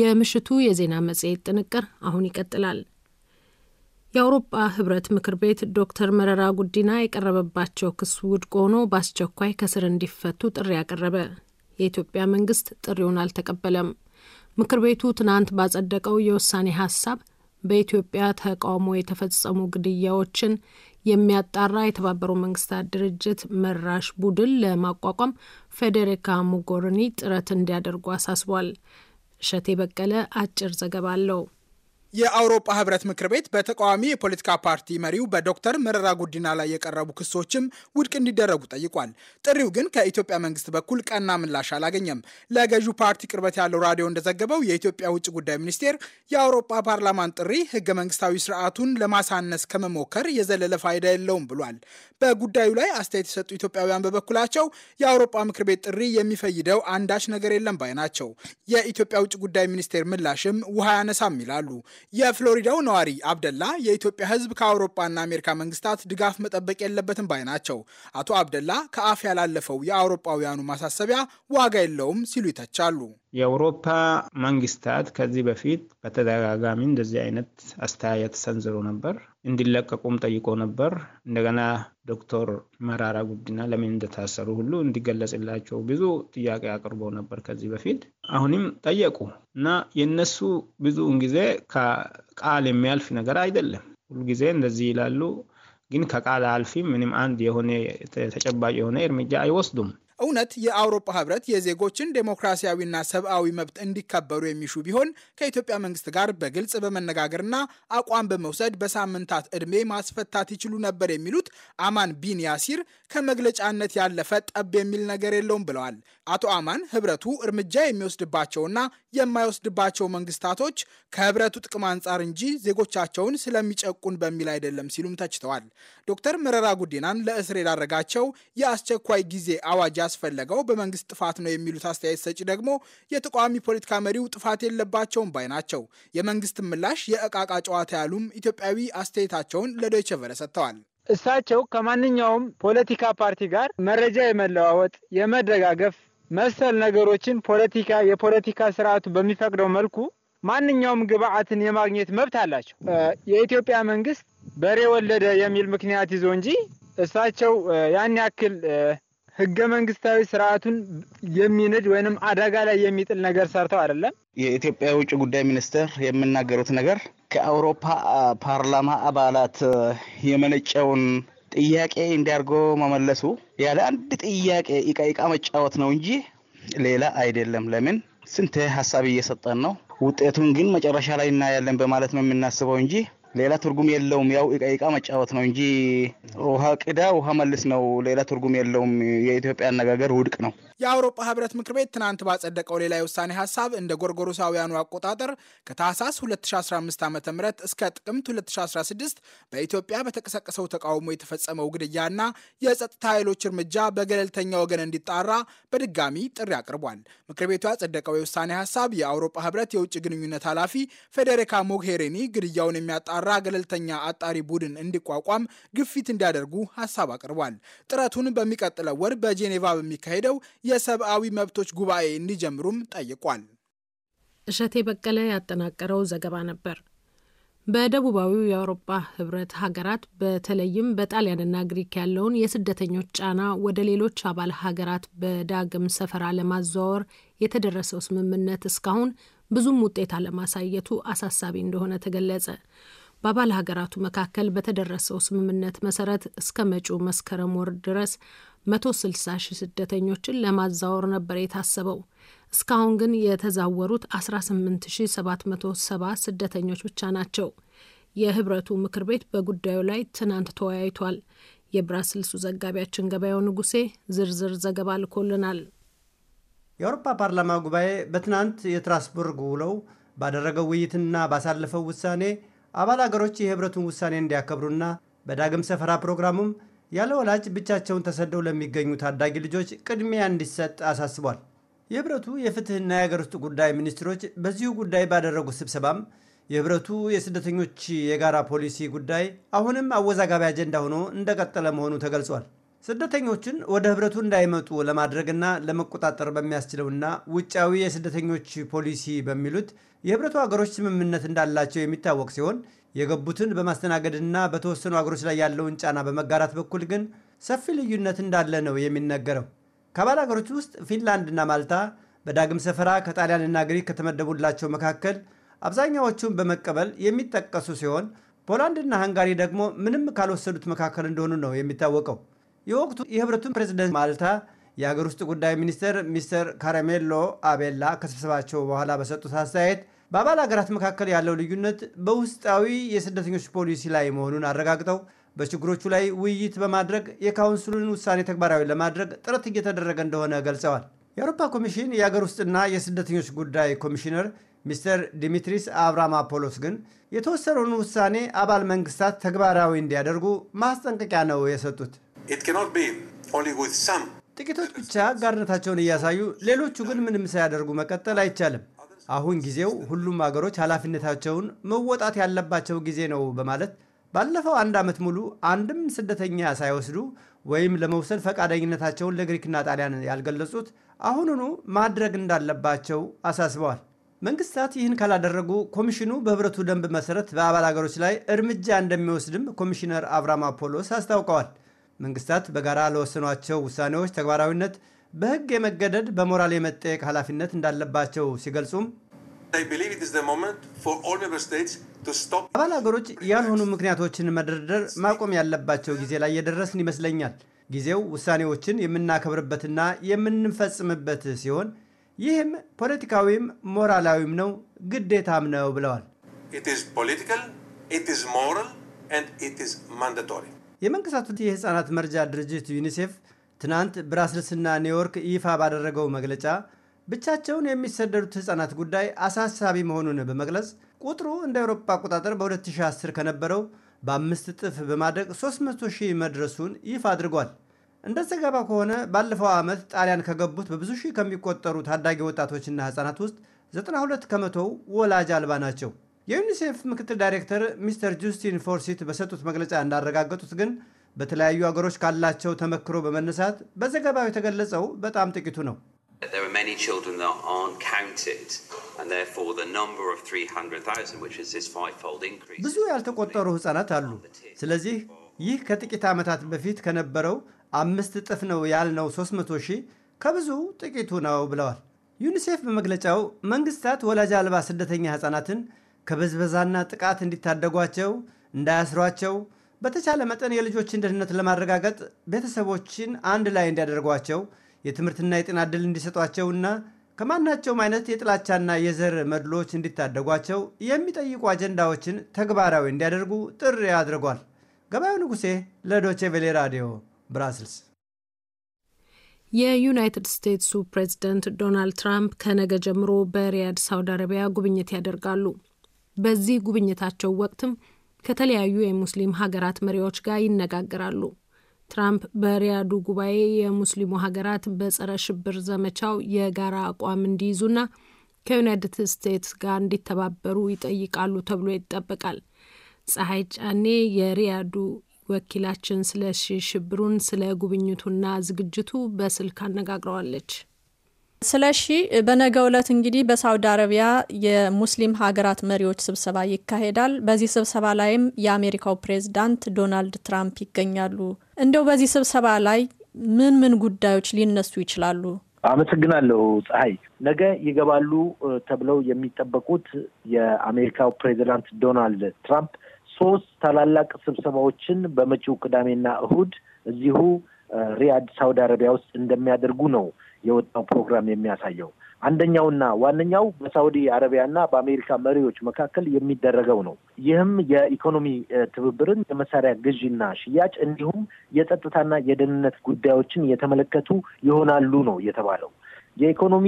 የምሽቱ የዜና መጽሔት ጥንቅር አሁን ይቀጥላል። የአውሮፓ ህብረት ምክር ቤት ዶክተር መረራ ጉዲና የቀረበባቸው ክስ ውድቅ ሆኖ በአስቸኳይ ከስር እንዲፈቱ ጥሪ ያቀረበ የኢትዮጵያ መንግስት ጥሪውን አልተቀበለም። ምክር ቤቱ ትናንት ባጸደቀው የውሳኔ ሀሳብ በኢትዮጵያ ተቃውሞ የተፈጸሙ ግድያዎችን የሚያጣራ የተባበሩ መንግስታት ድርጅት መራሽ ቡድን ለማቋቋም ፌዴሪካ ሞጎሪኒ ጥረት እንዲያደርጉ አሳስቧል። እሸቴ በቀለ አጭር ዘገባ አለው። የአውሮፓ ህብረት ምክር ቤት በተቃዋሚ የፖለቲካ ፓርቲ መሪው በዶክተር መረራ ጉዲና ላይ የቀረቡ ክሶችም ውድቅ እንዲደረጉ ጠይቋል። ጥሪው ግን ከኢትዮጵያ መንግስት በኩል ቀና ምላሽ አላገኘም። ለገዢው ፓርቲ ቅርበት ያለው ራዲዮ እንደዘገበው የኢትዮጵያ ውጭ ጉዳይ ሚኒስቴር የአውሮፓ ፓርላማን ጥሪ ህገ መንግስታዊ ስርዓቱን ለማሳነስ ከመሞከር የዘለለ ፋይዳ የለውም ብሏል። በጉዳዩ ላይ አስተያየት የሰጡ ኢትዮጵያውያን በበኩላቸው የአውሮፓ ምክር ቤት ጥሪ የሚፈይደው አንዳች ነገር የለም ባይ ናቸው። የኢትዮጵያ ውጭ ጉዳይ ሚኒስቴር ምላሽም ውሃ ያነሳም ይላሉ። የፍሎሪዳው ነዋሪ አብደላ የኢትዮጵያ ሕዝብ ከአውሮፓና አሜሪካ መንግስታት ድጋፍ መጠበቅ የለበትም ባይ ናቸው። አቶ አብደላ ከአፍ ያላለፈው የአውሮፓውያኑ ማሳሰቢያ ዋጋ የለውም ሲሉ ይተቻሉ። የአውሮፓ መንግስታት ከዚህ በፊት በተደጋጋሚ እንደዚህ አይነት አስተያየት ሰንዝሮ ነበር። እንዲለቀቁም ጠይቆ ነበር። እንደገና ዶክተር መራራ ጉዲና ለምን እንደታሰሩ ሁሉ እንዲገለጽላቸው ብዙ ጥያቄ አቅርቦ ነበር ከዚህ በፊት አሁንም ጠየቁ እና የነሱ ብዙውን ጊዜ ከቃል የሚያልፍ ነገር አይደለም። ሁልጊዜ እንደዚህ ይላሉ፣ ግን ከቃል አልፊ ምንም አንድ የሆነ ተጨባጭ የሆነ እርምጃ አይወስዱም። እውነት የአውሮፓ ህብረት የዜጎችን ዴሞክራሲያዊና ሰብአዊ መብት እንዲከበሩ የሚሹ ቢሆን ከኢትዮጵያ መንግስት ጋር በግልጽ በመነጋገርና አቋም በመውሰድ በሳምንታት ዕድሜ ማስፈታት ይችሉ ነበር የሚሉት አማን ቢን ያሲር ከመግለጫነት ያለፈ ጠብ የሚል ነገር የለውም ብለዋል። አቶ አማን ህብረቱ እርምጃ የሚወስድባቸውና የማይወስድባቸው መንግስታቶች ከህብረቱ ጥቅም አንጻር እንጂ ዜጎቻቸውን ስለሚጨቁን በሚል አይደለም ሲሉም ተችተዋል። ዶክተር መረራ ጉዲናን ለእስር የዳረጋቸው የአስቸኳይ ጊዜ አዋጅ ያስፈለገው በመንግስት ጥፋት ነው የሚሉት አስተያየት ሰጪ ደግሞ የተቃዋሚ ፖለቲካ መሪው ጥፋት የለባቸውም ባይ ናቸው። የመንግስት ምላሽ የእቃቃ ጨዋታ ያሉም ኢትዮጵያዊ አስተያየታቸውን ለዶይቸ ቨለ ሰጥተዋል። እሳቸው ከማንኛውም ፖለቲካ ፓርቲ ጋር መረጃ የመለዋወጥ የመደጋገፍ መሰል ነገሮችን ፖለቲካ የፖለቲካ ስርዓቱ በሚፈቅደው መልኩ ማንኛውም ግብአትን የማግኘት መብት አላቸው። የኢትዮጵያ መንግስት በሬ ወለደ የሚል ምክንያት ይዞ እንጂ እሳቸው ያን ያክል ህገ መንግስታዊ ስርዓቱን የሚንድ ወይንም አደጋ ላይ የሚጥል ነገር ሰርተው አይደለም። የኢትዮጵያ የውጭ ጉዳይ ሚኒስትር የምናገሩት ነገር ከአውሮፓ ፓርላማ አባላት የመነጨውን ጥያቄ እንዲያርጎ መመለሱ ያለ አንድ ጥያቄ እቃ መጫወት ነው እንጂ ሌላ አይደለም። ለምን ስንት ሀሳብ እየሰጠን ነው፣ ውጤቱን ግን መጨረሻ ላይ እናያለን በማለት ነው የምናስበው እንጂ ሌላ ትርጉም የለውም። ያው ቃ መጫወት ነው እንጂ ውሃ ቅዳ ውሃ መልስ ነው፣ ሌላ ትርጉም የለውም። የኢትዮጵያ አነጋገር ውድቅ ነው። የአውሮፓ ህብረት ምክር ቤት ትናንት ባጸደቀው ሌላ የውሳኔ ሀሳብ እንደ ጎርጎሮሳውያኑ አቆጣጠር ከታህሳስ 2015 ዓ ም እስከ ጥቅምት 2016 በኢትዮጵያ በተቀሰቀሰው ተቃውሞ የተፈጸመው ግድያና የጸጥታ ኃይሎች እርምጃ በገለልተኛ ወገን እንዲጣራ በድጋሚ ጥሪ አቅርቧል። ምክር ቤቱ ያጸደቀው የውሳኔ ሀሳብ የአውሮፓ ህብረት የውጭ ግንኙነት ኃላፊ ፌዴሪካ ሞጌሪኒ ግድያውን የሚያጣ ጠንካራ ገለልተኛ አጣሪ ቡድን እንዲቋቋም ግፊት እንዲያደርጉ ሀሳብ አቅርቧል። ጥረቱን በሚቀጥለው ወር በጄኔቫ በሚካሄደው የሰብአዊ መብቶች ጉባኤ እንዲጀምሩም ጠይቋል። እሸቴ በቀለ ያጠናቀረው ዘገባ ነበር። በደቡባዊው የአውሮፓ ህብረት ሀገራት በተለይም በጣሊያንና ግሪክ ያለውን የስደተኞች ጫና ወደ ሌሎች አባል ሀገራት በዳግም ሰፈራ ለማዘዋወር የተደረሰው ስምምነት እስካሁን ብዙም ውጤት አለማሳየቱ አሳሳቢ እንደሆነ ተገለጸ። በአባል ሀገራቱ መካከል በተደረሰው ስምምነት መሰረት እስከ መጪው መስከረም ወር ድረስ 160 ሺህ ስደተኞችን ለማዛወር ነበር የታሰበው። እስካሁን ግን የተዛወሩት 18770 ስደተኞች ብቻ ናቸው። የህብረቱ ምክር ቤት በጉዳዩ ላይ ትናንት ተወያይቷል። የብራስልሱ ዘጋቢያችን ገበያው ንጉሴ ዝርዝር ዘገባ ልኮልናል። የአውሮፓ ፓርላማ ጉባኤ በትናንት የትራስቡርግ ውለው ባደረገው ውይይትና ባሳለፈው ውሳኔ አባል አገሮች የህብረቱን ውሳኔ እንዲያከብሩና በዳግም ሰፈራ ፕሮግራሙም ያለ ወላጅ ብቻቸውን ተሰደው ለሚገኙ ታዳጊ ልጆች ቅድሚያ እንዲሰጥ አሳስቧል። የህብረቱ የፍትህና የአገር ውስጥ ጉዳይ ሚኒስትሮች በዚሁ ጉዳይ ባደረጉት ስብሰባም የህብረቱ የስደተኞች የጋራ ፖሊሲ ጉዳይ አሁንም አወዛጋቢ አጀንዳ ሆኖ እንደቀጠለ መሆኑ ተገልጿል። ስደተኞችን ወደ ህብረቱ እንዳይመጡ ለማድረግና ለመቆጣጠር በሚያስችለውና ውጫዊ የስደተኞች ፖሊሲ በሚሉት የህብረቱ ሀገሮች ስምምነት እንዳላቸው የሚታወቅ ሲሆን የገቡትን በማስተናገድና በተወሰኑ ሀገሮች ላይ ያለውን ጫና በመጋራት በኩል ግን ሰፊ ልዩነት እንዳለ ነው የሚነገረው። ከአባል ሀገሮች ውስጥ ፊንላንድና ማልታ በዳግም ሰፈራ ከጣሊያንና ግሪክ ከተመደቡላቸው መካከል አብዛኛዎቹን በመቀበል የሚጠቀሱ ሲሆን ፖላንድና ሃንጋሪ ደግሞ ምንም ካልወሰዱት መካከል እንደሆኑ ነው የሚታወቀው። የወቅቱ የህብረቱን ፕሬዚደንት ማልታ የሀገር ውስጥ ጉዳይ ሚኒስትር ሚስተር ካረሜሎ አቤላ ከስብሰባቸው በኋላ በሰጡት አስተያየት በአባል ሀገራት መካከል ያለው ልዩነት በውስጣዊ የስደተኞች ፖሊሲ ላይ መሆኑን አረጋግጠው በችግሮቹ ላይ ውይይት በማድረግ የካውንስሉን ውሳኔ ተግባራዊ ለማድረግ ጥረት እየተደረገ እንደሆነ ገልጸዋል። የአውሮፓ ኮሚሽን የአገር ውስጥና የስደተኞች ጉዳይ ኮሚሽነር ሚስተር ዲሚትሪስ አብራማፖሎስ ግን የተወሰነውን ውሳኔ አባል መንግስታት ተግባራዊ እንዲያደርጉ ማስጠንቀቂያ ነው የሰጡት። ጥቂቶች ብቻ አጋርነታቸውን እያሳዩ ሌሎቹ ግን ምንም ሳያደርጉ መቀጠል አይቻልም። አሁን ጊዜው ሁሉም አገሮች ኃላፊነታቸውን መወጣት ያለባቸው ጊዜ ነው በማለት ባለፈው አንድ ዓመት ሙሉ አንድም ስደተኛ ሳይወስዱ ወይም ለመውሰድ ፈቃደኝነታቸውን ለግሪክና ጣሊያን ያልገለጹት አሁኑኑ ማድረግ እንዳለባቸው አሳስበዋል። መንግስታት ይህን ካላደረጉ ኮሚሽኑ በህብረቱ ደንብ መሰረት በአባል አገሮች ላይ እርምጃ እንደሚወስድም ኮሚሽነር አብራማፖሎስ አስታውቀዋል። መንግስታት በጋራ ለወሰኗቸው ውሳኔዎች ተግባራዊነት በህግ የመገደድ በሞራል የመጠየቅ ኃላፊነት እንዳለባቸው ሲገልጹም አባል ሀገሮች ያልሆኑ ምክንያቶችን መደርደር ማቆም ያለባቸው ጊዜ ላይ የደረስን ይመስለኛል። ጊዜው ውሳኔዎችን የምናከብርበትና የምንፈጽምበት ሲሆን ይህም ፖለቲካዊም ሞራላዊም ነው፣ ግዴታም ነው ብለዋል። የመንግስታቱ የህፃናት መርጃ ድርጅት ዩኒሴፍ ትናንት ብራስልስና ኒውዮርክ ይፋ ባደረገው መግለጫ ብቻቸውን የሚሰደዱት ህፃናት ጉዳይ አሳሳቢ መሆኑን በመግለጽ ቁጥሩ እንደ አውሮፓ አቆጣጠር በ2010 ከነበረው በአምስት እጥፍ በማድረግ 300 ሺህ መድረሱን ይፋ አድርጓል። እንደ ዘገባ ከሆነ ባለፈው ዓመት ጣሊያን ከገቡት በብዙ ሺህ ከሚቆጠሩ ታዳጊ ወጣቶችና ህፃናት ውስጥ 92 ከመቶው ወላጅ አልባ ናቸው። የዩኒሴፍ ምክትል ዳይሬክተር ሚስተር ጁስቲን ፎርሲት በሰጡት መግለጫ እንዳረጋገጡት ግን በተለያዩ አገሮች ካላቸው ተመክሮ በመነሳት በዘገባው የተገለጸው በጣም ጥቂቱ ነው። ብዙ ያልተቆጠሩ ሕፃናት አሉ። ስለዚህ ይህ ከጥቂት ዓመታት በፊት ከነበረው አምስት እጥፍ ነው ያልነው 300 ሺህ ከብዙ ጥቂቱ ነው ብለዋል። ዩኒሴፍ በመግለጫው መንግስታት ወላጅ አልባ ስደተኛ ሕፃናትን ከበዝበዛና ጥቃት እንዲታደጓቸው እንዳያስሯቸው በተቻለ መጠን የልጆችን ደህንነት ለማረጋገጥ ቤተሰቦችን አንድ ላይ እንዲያደርጓቸው የትምህርትና የጤና ዕድል እንዲሰጧቸውና ከማናቸውም አይነት የጥላቻና የዘር መድሎች እንዲታደጓቸው የሚጠይቁ አጀንዳዎችን ተግባራዊ እንዲያደርጉ ጥሪ አድርጓል። ገበያው ንጉሴ ለዶቼ ቬሌ ራዲዮ ብራስልስ። የዩናይትድ ስቴትሱ ፕሬዚደንት ዶናልድ ትራምፕ ከነገ ጀምሮ በሪያድ ሳውዲ አረቢያ ጉብኝት ያደርጋሉ። በዚህ ጉብኝታቸው ወቅትም ከተለያዩ የሙስሊም ሀገራት መሪዎች ጋር ይነጋገራሉ። ትራምፕ በሪያዱ ጉባኤ የሙስሊሙ ሀገራት በጸረ ሽብር ዘመቻው የጋራ አቋም እንዲይዙና ከዩናይትድ ስቴትስ ጋር እንዲተባበሩ ይጠይቃሉ ተብሎ ይጠበቃል። ፀሐይ ጫኔ የሪያዱ ወኪላችን ስለሺ ሽብሩን ስለ ጉብኝቱና ዝግጅቱ በስልክ አነጋግረዋለች። ስለሺ በነገ ዕለት እንግዲህ በሳውዲ አረቢያ የሙስሊም ሀገራት መሪዎች ስብሰባ ይካሄዳል። በዚህ ስብሰባ ላይም የአሜሪካው ፕሬዝዳንት ዶናልድ ትራምፕ ይገኛሉ። እንደው በዚህ ስብሰባ ላይ ምን ምን ጉዳዮች ሊነሱ ይችላሉ? አመሰግናለሁ ፀሐይ። ነገ ይገባሉ ተብለው የሚጠበቁት የአሜሪካው ፕሬዚዳንት ዶናልድ ትራምፕ ሶስት ታላላቅ ስብሰባዎችን በመጪው ቅዳሜና እሁድ እዚሁ ሪያድ ሳውዲ አረቢያ ውስጥ እንደሚያደርጉ ነው የወጣው ፕሮግራም የሚያሳየው። አንደኛውና ዋነኛው በሳውዲ አረቢያና በአሜሪካ መሪዎች መካከል የሚደረገው ነው። ይህም የኢኮኖሚ ትብብርን፣ የመሳሪያ ግዥና ሽያጭ እንዲሁም የጸጥታና የደህንነት ጉዳዮችን የተመለከቱ ይሆናሉ ነው የተባለው። የኢኮኖሚ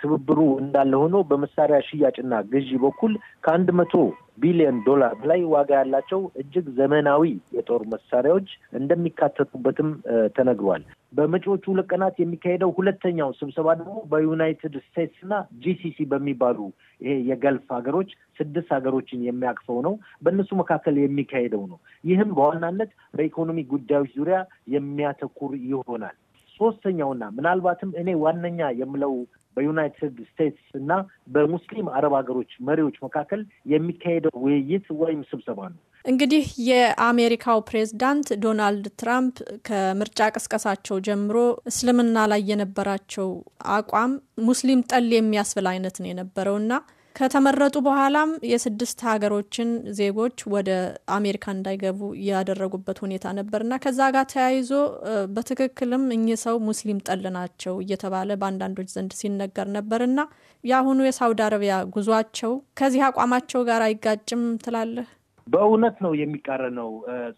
ትብብሩ እንዳለ ሆኖ በመሳሪያ ሽያጭና ግዢ በኩል ከአንድ መቶ ቢሊዮን ዶላር በላይ ዋጋ ያላቸው እጅግ ዘመናዊ የጦር መሳሪያዎች እንደሚካተቱበትም ተነግሯል። በመጪዎቹ ሁለት ቀናት የሚካሄደው ሁለተኛው ስብሰባ ደግሞ በዩናይትድ ስቴትስ እና ጂሲሲ በሚባሉ ይሄ የገልፍ ሀገሮች ስድስት ሀገሮችን የሚያቅፈው ነው። በእነሱ መካከል የሚካሄደው ነው። ይህም በዋናነት በኢኮኖሚ ጉዳዮች ዙሪያ የሚያተኩር ይሆናል። ሶስተኛውና ምናልባትም እኔ ዋነኛ የምለው በዩናይትድ ስቴትስ እና በሙስሊም አረብ ሀገሮች መሪዎች መካከል የሚካሄደው ውይይት ወይም ስብሰባ ነው። እንግዲህ የአሜሪካው ፕሬዝዳንት ዶናልድ ትራምፕ ከምርጫ ቅስቀሳቸው ጀምሮ እስልምና ላይ የነበራቸው አቋም ሙስሊም ጠል የሚያስብል አይነት ነው እና ከተመረጡ በኋላም የስድስት ሀገሮችን ዜጎች ወደ አሜሪካ እንዳይገቡ ያደረጉበት ሁኔታ ነበርና ከዛ ጋር ተያይዞ በትክክልም እኚህ ሰው ሙስሊም ጠል ናቸው እየተባለ በአንዳንዶች ዘንድ ሲነገር ነበር እና የአሁኑ የሳውዲ አረቢያ ጉዟቸው ከዚህ አቋማቸው ጋር አይጋጭም ትላለህ? በእውነት ነው የሚቃረነው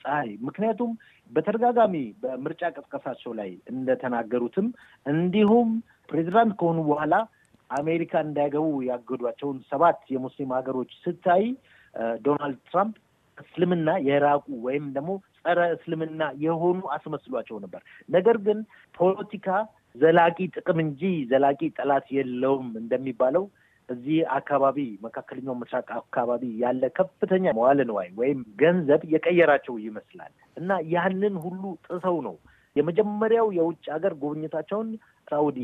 ፀሐይ። ምክንያቱም በተደጋጋሚ በምርጫ ቀስቀሳቸው ላይ እንደተናገሩትም እንዲሁም ፕሬዚዳንት ከሆኑ በኋላ አሜሪካ እንዳይገቡ ያገዷቸውን ሰባት የሙስሊም ሀገሮች ስታይ ዶናልድ ትራምፕ እስልምና የራቁ ወይም ደግሞ ጸረ እስልምና የሆኑ አስመስሏቸው ነበር። ነገር ግን ፖለቲካ ዘላቂ ጥቅም እንጂ ዘላቂ ጠላት የለውም እንደሚባለው እዚህ አካባቢ መካከለኛው ምስራቅ አካባቢ ያለ ከፍተኛ መዋለ ንዋይ ወይም ገንዘብ የቀየራቸው ይመስላል እና ያንን ሁሉ ጥሰው ነው የመጀመሪያው የውጭ ሀገር ጉብኝታቸውን ሳውዲ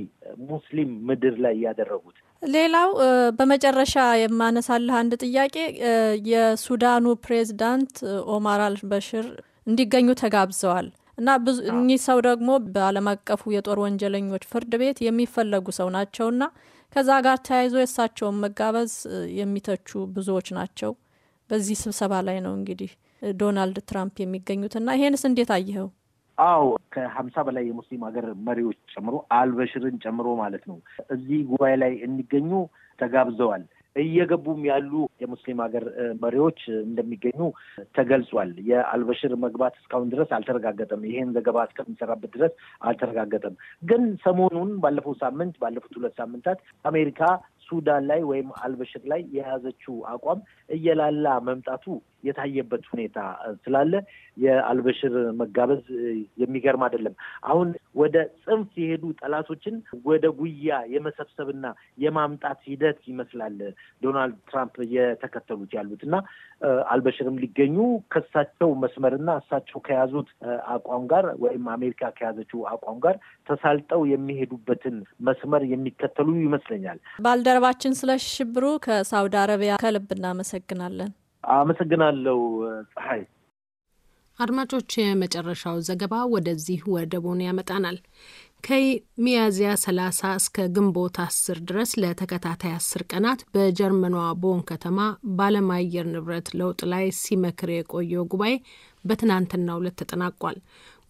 ሙስሊም ምድር ላይ ያደረጉት። ሌላው በመጨረሻ የማነሳልህ አንድ ጥያቄ የሱዳኑ ፕሬዝዳንት ኦማር አልበሽር እንዲገኙ ተጋብዘዋል እና ብዙ እኚህ ሰው ደግሞ በዓለም አቀፉ የጦር ወንጀለኞች ፍርድ ቤት የሚፈለጉ ሰው ናቸውና ከዛ ጋር ተያይዞ የእሳቸውን መጋበዝ የሚተቹ ብዙዎች ናቸው። በዚህ ስብሰባ ላይ ነው እንግዲህ ዶናልድ ትራምፕ የሚገኙትና ይሄንስ እንዴት አየኸው? አዎ ከሀምሳ በላይ የሙስሊም ሀገር መሪዎች ጨምሮ አልበሽርን ጨምሮ ማለት ነው እዚህ ጉባኤ ላይ እንዲገኙ ተጋብዘዋል። እየገቡም ያሉ የሙስሊም ሀገር መሪዎች እንደሚገኙ ተገልጿል። የአልበሽር መግባት እስካሁን ድረስ አልተረጋገጠም። ይሄን ዘገባ እስከምንሰራበት ድረስ አልተረጋገጠም። ግን ሰሞኑን ባለፈው ሳምንት ባለፉት ሁለት ሳምንታት አሜሪካ ሱዳን ላይ ወይም አልበሽር ላይ የያዘችው አቋም እየላላ መምጣቱ የታየበት ሁኔታ ስላለ የአልበሽር መጋበዝ የሚገርም አይደለም። አሁን ወደ ጽንፍ የሄዱ ጠላቶችን ወደ ጉያ የመሰብሰብና የማምጣት ሂደት ይመስላል ዶናልድ ትራምፕ የተከተሉት ያሉት እና አልበሽርም ሊገኙ ከሳቸው መስመርና እሳቸው ከያዙት አቋም ጋር ወይም አሜሪካ ከያዘችው አቋም ጋር ተሳልጠው የሚሄዱበትን መስመር የሚከተሉ ይመስለኛል። ባልደረባችን ስለሽብሩ ከሳውዲ አረቢያ ከልብ እናመሰግናለን። አመሰግናለሁ ፀሐይ። አድማጮች የመጨረሻው ዘገባ ወደዚህ ወደቡን ያመጣናል። ከሚያዝያ 30 እስከ ግንቦት 10 ድረስ ለተከታታይ አስር ቀናት በጀርመኗ ቦን ከተማ በዓለም አየር ንብረት ለውጥ ላይ ሲመክር የቆየው ጉባኤ በትናንትናው ዕለት ተጠናቋል።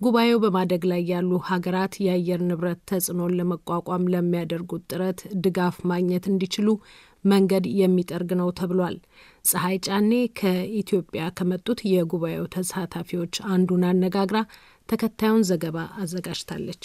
ጉባኤው በማደግ ላይ ያሉ ሀገራት የአየር ንብረት ተጽዕኖን ለመቋቋም ለሚያደርጉት ጥረት ድጋፍ ማግኘት እንዲችሉ መንገድ የሚጠርግ ነው ተብሏል። ፀሐይ ጫኔ ከኢትዮጵያ ከመጡት የጉባኤው ተሳታፊዎች አንዱን አነጋግራ ተከታዩን ዘገባ አዘጋጅታለች።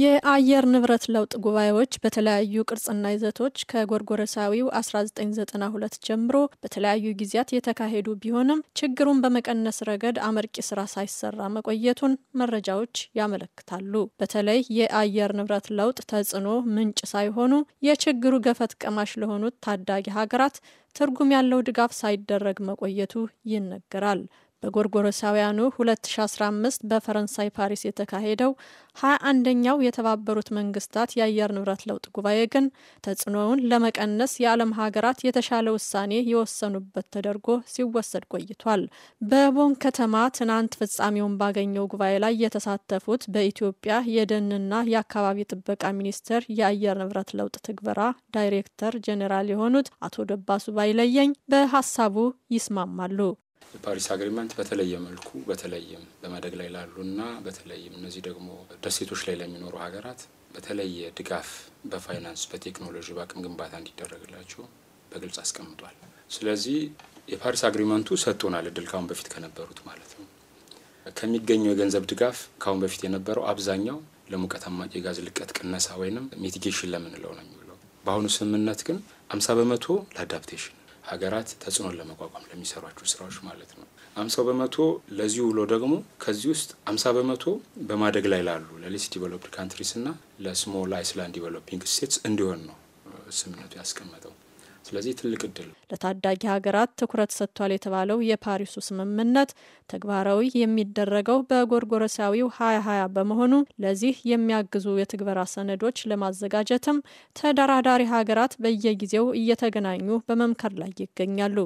የአየር ንብረት ለውጥ ጉባኤዎች በተለያዩ ቅርጽና ይዘቶች ከጎርጎረሳዊው 1992 ጀምሮ በተለያዩ ጊዜያት የተካሄዱ ቢሆንም ችግሩን በመቀነስ ረገድ አመርቂ ስራ ሳይሰራ መቆየቱን መረጃዎች ያመለክታሉ። በተለይ የአየር ንብረት ለውጥ ተጽዕኖ ምንጭ ሳይሆኑ የችግሩ ገፈት ቀማሽ ለሆኑት ታዳጊ ሀገራት ትርጉም ያለው ድጋፍ ሳይደረግ መቆየቱ ይነገራል። በጎርጎረሳውያኑ 2015 በፈረንሳይ ፓሪስ የተካሄደው 21ኛው የተባበሩት መንግስታት የአየር ንብረት ለውጥ ጉባኤ ግን ተጽዕኖውን ለመቀነስ የዓለም ሀገራት የተሻለ ውሳኔ የወሰኑበት ተደርጎ ሲወሰድ ቆይቷል። በቦን ከተማ ትናንት ፍጻሜውን ባገኘው ጉባኤ ላይ የተሳተፉት በኢትዮጵያ የደንና የአካባቢ ጥበቃ ሚኒስቴር የአየር ንብረት ለውጥ ትግበራ ዳይሬክተር ጄኔራል የሆኑት አቶ ደባሱ ባይለየኝ በሀሳቡ ይስማማሉ። የፓሪስ አግሪመንት በተለየ መልኩ በተለይም በማደግ ላይ ላሉና በተለይም እነዚህ ደግሞ ደሴቶች ላይ ለሚኖሩ ሀገራት በተለየ ድጋፍ በፋይናንስ፣ በቴክኖሎጂ፣ በአቅም ግንባታ እንዲደረግላቸው በግልጽ አስቀምጧል። ስለዚህ የፓሪስ አግሪመንቱ ሰጥቶናል እድል ካሁን በፊት ከነበሩት ማለት ነው። ከሚገኘው የገንዘብ ድጋፍ ካሁን በፊት የነበረው አብዛኛው ለሙቀት አማጭ የጋዝ ልቀት ቅነሳ ወይም ሚቲጌሽን ለምንለው ነው የሚውለው። በአሁኑ ስምምነት ግን አምሳ በመቶ ለአዳፕቴሽን ሀገራት ተጽዕኖን ለመቋቋም ለሚሰሯቸው ስራዎች ማለት ነው። አምሳ በመቶ ለዚሁ ውሎ ደግሞ ከዚህ ውስጥ አምሳ በመቶ በማደግ ላይ ላሉ ለሌስ ዲቨሎፕድ ካንትሪስ እና ለስሞል አይስላንድ ዲቨሎፒንግ ስቴትስ እንዲሆን ነው ስምነቱ ያስቀመጠው። ስለዚህ ትልቅ እድል ነው። ለታዳጊ ሀገራት ትኩረት ሰጥቷል የተባለው የፓሪሱ ስምምነት ተግባራዊ የሚደረገው በጎርጎረሳዊው ሀያ ሀያ በመሆኑ ለዚህ የሚያግዙ የትግበራ ሰነዶች ለማዘጋጀትም ተደራዳሪ ሀገራት በየጊዜው እየተገናኙ በመምከር ላይ ይገኛሉ።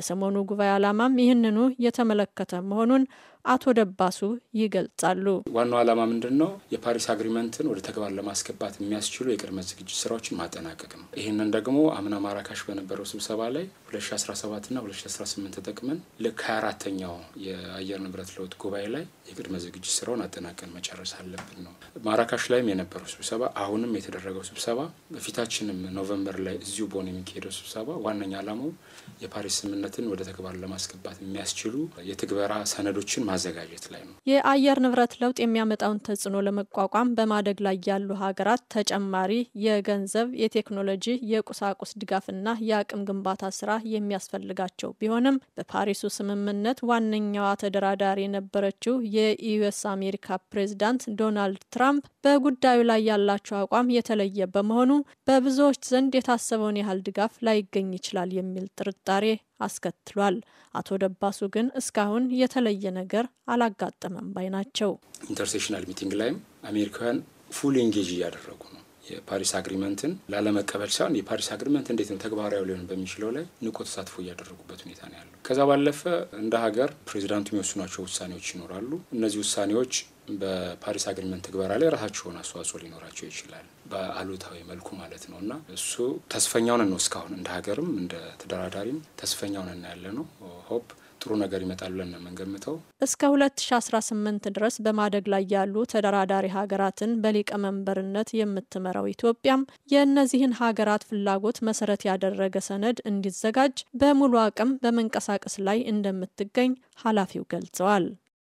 የሰሞኑ ጉባኤ ዓላማም ይህንኑ የተመለከተ መሆኑን አቶ ደባሱ ይገልጻሉ። ዋናው ዓላማ ምንድን ነው? የፓሪስ አግሪመንትን ወደ ተግባር ለማስገባት የሚያስችሉ የቅድመ ዝግጅት ስራዎችን ማጠናቀቅ ነው። ይህንን ደግሞ አምና ማራካሽ በነበረው ስብሰባ ላይ 2017ና 2018 ተጠቅመን ልክ 24ተኛው የአየር ንብረት ለውጥ ጉባኤ ላይ የቅድመ ዝግጅት ስራውን አጠናቀን መጨረስ አለብን ነው። ማራካሽ ላይም የነበረው ስብሰባ አሁንም የተደረገው ስብሰባ በፊታችንም ኖቨምበር ላይ እዚሁ ቦን የሚካሄደው ስብሰባ ዋነኛ ዓላማው የፓሪስ ስምምነትን ወደ ተግባር ለማስገባት የሚያስችሉ የትግበራ ሰነዶችን ማዘጋጀት ላይ ነው። የአየር ንብረት ለውጥ የሚያመጣውን ተጽዕኖ ለመቋቋም በማደግ ላይ ያሉ ሀገራት ተጨማሪ የገንዘብ፣ የቴክኖሎጂ፣ የቁሳቁስ ድጋፍና የአቅም ግንባታ ስራ የሚያስፈልጋቸው ቢሆንም በፓሪሱ ስምምነት ዋነኛዋ ተደራዳሪ የነበረችው የዩኤስ አሜሪካ ፕሬዚዳንት ዶናልድ ትራምፕ በጉዳዩ ላይ ያላቸው አቋም የተለየ በመሆኑ በብዙዎች ዘንድ የታሰበውን ያህል ድጋፍ ላይገኝ ይችላል የሚል ጥርጣሬ አስከትሏል። አቶ ደባሱ ግን እስካሁን የተለየ ነገር አላጋጠመም ባይ ናቸው። ኢንተርሴሽናል ሚቲንግ ላይም አሜሪካውያን ፉል ኤንጌጅ እያደረጉ ነው። የፓሪስ አግሪመንትን ላለመቀበል ሳይሆን የፓሪስ አግሪመንት እንዴት ነው ተግባራዊ ሊሆን በሚችለው ላይ ንቆ ተሳትፎ እያደረጉበት ሁኔታ ነው ያለው። ከዛ ባለፈ እንደ ሀገር ፕሬዚዳንቱ የሚወስኗቸው ውሳኔዎች ይኖራሉ። እነዚህ ውሳኔዎች በፓሪስ አግሪመንት ትግበራ ላይ ራሳቸውን አስተዋጽኦ ሊኖራቸው ይችላል፣ በአሉታዊ መልኩ ማለት ነው እና እሱ ተስፈኛውን ነው። እስካሁን እንደ ሀገርም እንደ ተደራዳሪም ተስፈኛውን ያለ ነው ሆፕ ጥሩ ነገር ይመጣል ብለን የምንገምተው። እስከ 2018 ድረስ በማደግ ላይ ያሉ ተደራዳሪ ሀገራትን በሊቀመንበርነት የምትመራው ኢትዮጵያም የእነዚህን ሀገራት ፍላጎት መሰረት ያደረገ ሰነድ እንዲዘጋጅ በሙሉ አቅም በመንቀሳቀስ ላይ እንደምትገኝ ኃላፊው ገልጸዋል።